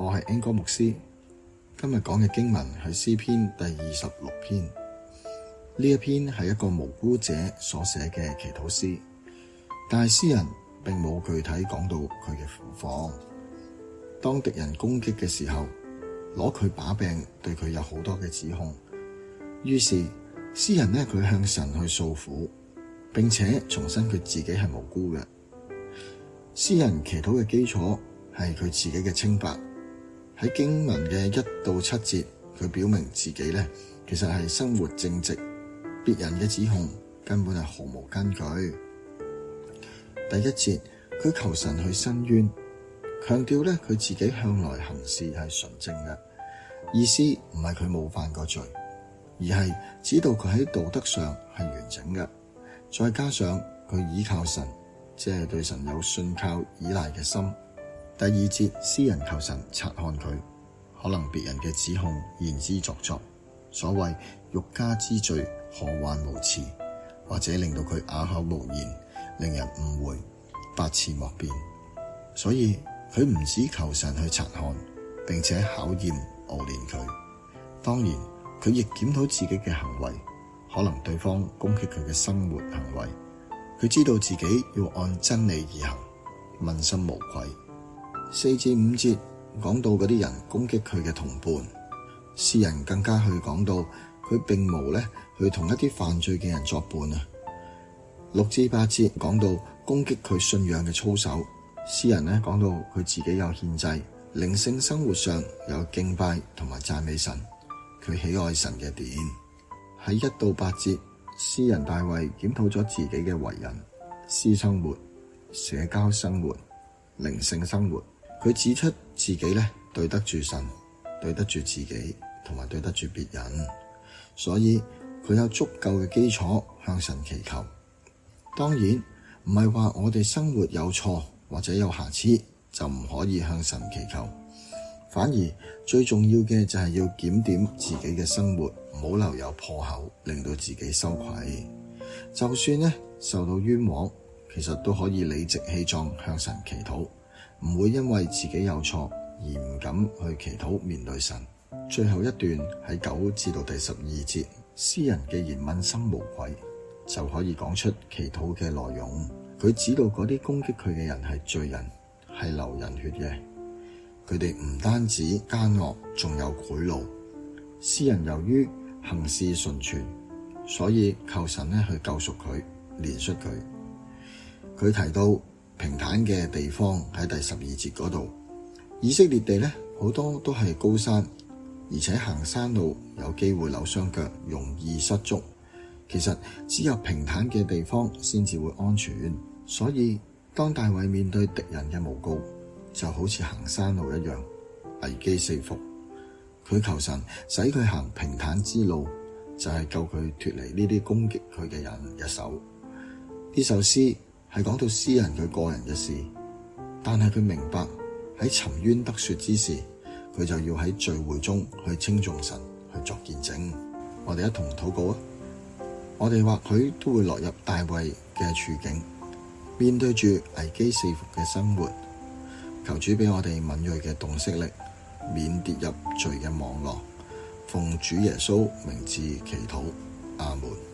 我係英哥牧師，今日講嘅經文係詩篇第二十六篇。呢一篇係一個無辜者所寫嘅祈禱詩，但係詩人並冇具體講到佢嘅苦況。當敵人攻擊嘅時候，攞佢把柄對佢有好多嘅指控，於是詩人呢，佢向神去訴苦，並且重申佢自己係無辜嘅。詩人祈禱嘅基礎係佢自己嘅清白。喺經文嘅一到七節，佢表明自己呢其實係生活正直，別人嘅指控根本係毫無根據。第一節，佢求神去伸冤，強調呢佢自己向來行事係純正嘅，意思唔係佢冇犯過罪，而係指到佢喺道德上係完整嘅，再加上佢倚靠神，即係對神有信靠依賴嘅心。第二節，詩人求神察看佢，可能別人嘅指控言之鑿鑿，所謂欲加之罪，何患無辭？或者令到佢啞口無言，令人誤會，百詞莫辯。所以佢唔止求神去察看，並且考驗、熬練佢。當然，佢亦檢討自己嘅行為，可能對方攻擊佢嘅生活行為，佢知道自己要按真理而行，問心無愧。四至五節講到嗰啲人攻擊佢嘅同伴，詩人更加去講到佢並冇咧去同一啲犯罪嘅人作伴啊。六至八節講到攻擊佢信仰嘅操守，詩人咧講到佢自己有獻祭、靈性生活上有敬拜同埋讚美神，佢喜愛神嘅殿。喺一到八節，詩人大衛檢討咗自己嘅為人、私生活、社交生活、靈性生活。佢指出自己咧對得住神，對得住自己，同埋對得住別人，所以佢有足夠嘅基礎向神祈求。當然唔係話我哋生活有錯或者有瑕疵就唔可以向神祈求，反而最重要嘅就係要檢點自己嘅生活，唔好留有破口，令到自己羞愧。就算咧受到冤枉，其實都可以理直氣壯向神祈禱。唔會因為自己有錯而唔敢去祈禱面對神。最後一段喺九至到第十二節，詩人既然問心無愧，就可以講出祈禱嘅內容。佢指到嗰啲攻擊佢嘅人係罪人，係流人血嘅。佢哋唔單止奸惡，仲有賄賂。詩人由於行事純全，所以靠神咧去救贖佢，憐恤佢。佢提到。平坦嘅地方喺第十二節嗰度，以色列地咧好多都係高山，而且行山路有機會扭傷腳，容易失足。其實只有平坦嘅地方先至會安全。所以當大衛面對敵人嘅誣告，就好似行山路一樣，危機四伏。佢求神使佢行平坦之路，就係救佢脫離呢啲攻擊佢嘅人一手。呢首詩。係講到詩人佢個人嘅事，但係佢明白喺沉冤得雪之時，佢就要喺聚會中去稱頌神，去作見證。我哋一同禱告啊！我哋或許都會落入大衛嘅處境，面對住危機四伏嘅生活，求主俾我哋敏銳嘅洞悉力，免跌入罪嘅網絡。奉主耶穌名字祈禱，阿門。